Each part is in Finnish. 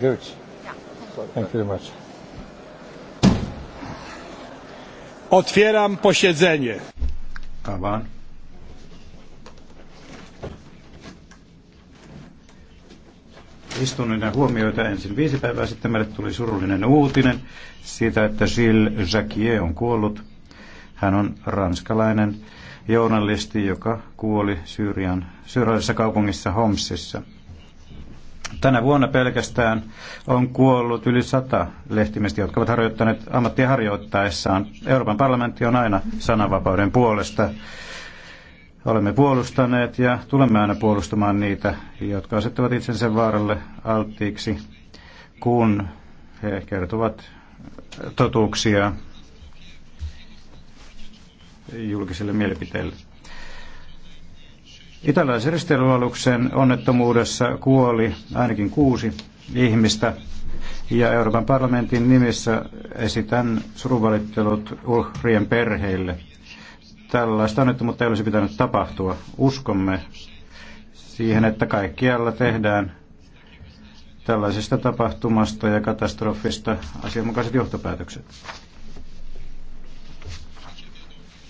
Good. Thank you very much. Otwieram posiedzenie. Avaan. huomioita ensin viisi päivää sitten meille tuli surullinen uutinen siitä, että Gilles Jacquier on kuollut. Hän on ranskalainen journalisti, joka kuoli Syyrian, syyrialaisessa kaupungissa Homsissa. Tänä vuonna pelkästään on kuollut yli sata lehtimistä, jotka ovat harjoittaneet ammattia harjoittaessaan. Euroopan parlamentti on aina sananvapauden puolesta. Olemme puolustaneet ja tulemme aina puolustamaan niitä, jotka asettavat itsensä vaaralle alttiiksi, kun he kertovat totuuksia julkiselle mielipiteelle. Italialaisen risteilyaluksen onnettomuudessa kuoli ainakin kuusi ihmistä ja Euroopan parlamentin nimissä esitän suruvalittelut uhrien perheille. Tällaista onnettomuutta ei olisi pitänyt tapahtua. Uskomme siihen, että kaikkialla tehdään tällaisesta tapahtumasta ja katastrofista asianmukaiset johtopäätökset.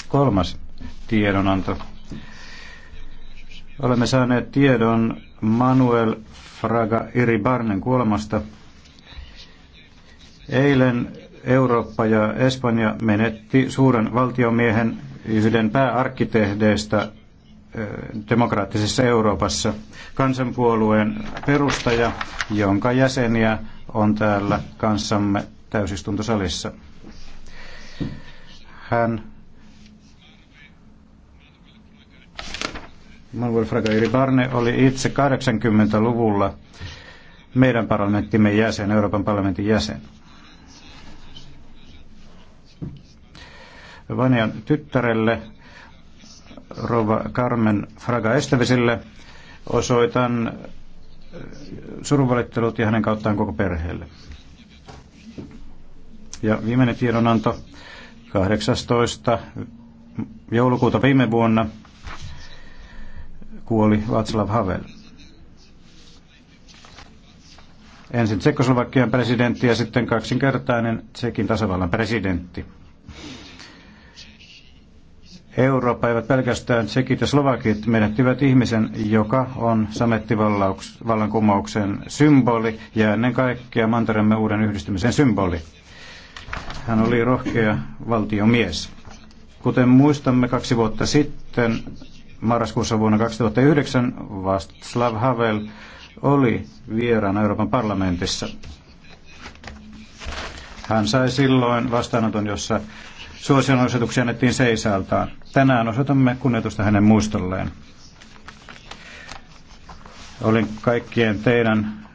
Kolmas tiedonanto. Olemme saaneet tiedon Manuel Fraga Iribarnen kuolemasta. Eilen Eurooppa ja Espanja menetti suuren valtiomiehen yhden pääarkkitehdeistä demokraattisessa Euroopassa kansanpuolueen perustaja, jonka jäseniä on täällä kanssamme täysistuntosalissa. Hän Manuel Fragairi Barne oli itse 80-luvulla meidän parlamenttimme jäsen, Euroopan parlamentin jäsen. Vanian tyttärelle, Rova Carmen Fraga Estevesille, osoitan äh, surunvalittelut ja hänen kauttaan koko perheelle. Ja viimeinen tiedonanto 18. joulukuuta viime vuonna kuoli Václav Havel. Ensin Tsekoslovakian presidentti ja sitten kaksinkertainen Tsekin tasavallan presidentti. Eurooppa eivät pelkästään tsekit ja slovakit menettivät ihmisen, joka on samettivallankumouksen symboli ja ennen kaikkea Mantaremme uuden yhdistymisen symboli. Hän oli rohkea valtiomies. Kuten muistamme kaksi vuotta sitten, marraskuussa vuonna 2009 Václav Havel oli vieraana Euroopan parlamentissa. Hän sai silloin vastaanoton, jossa suosionosoituksia annettiin seisaltaan. Tänään osoitamme kunnioitusta hänen muistolleen. Olin kaikkien teidän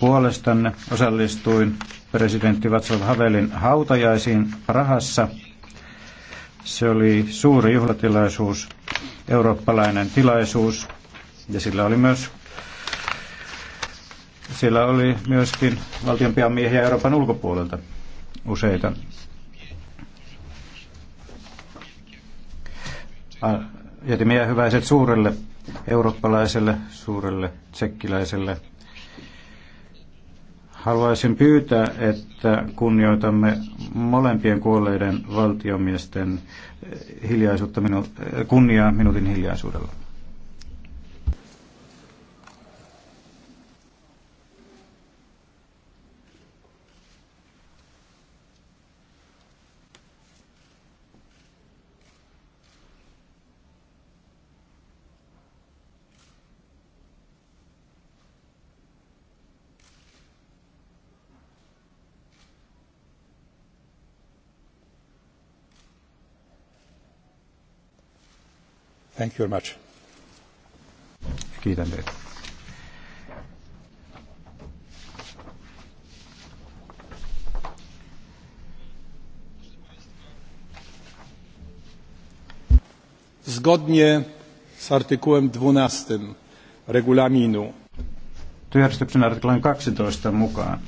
puolestanne, osallistuin presidentti Václav Havelin hautajaisiin Prahassa. Se oli suuri juhlatilaisuus eurooppalainen tilaisuus ja sillä oli myös siellä oli myöskin valtionpian miehiä Euroopan ulkopuolelta useita. Jätimme hyväiset suurelle eurooppalaiselle, suurelle tsekkiläiselle Haluaisin pyytää, että kunnioitamme molempien kuolleiden valtiomiesten hiljaisuutta, kunniaa minuutin hiljaisuudella. Thank you very much. Kiitän teitä. Zgodnie z artykułem 12 regulaminu. Työjärjestyksen artiklan 12 mukaan